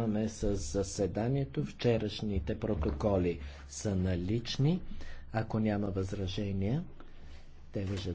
започваме с заседанието. Вчерашните протоколи са налични. Ако няма възражения, те въжат.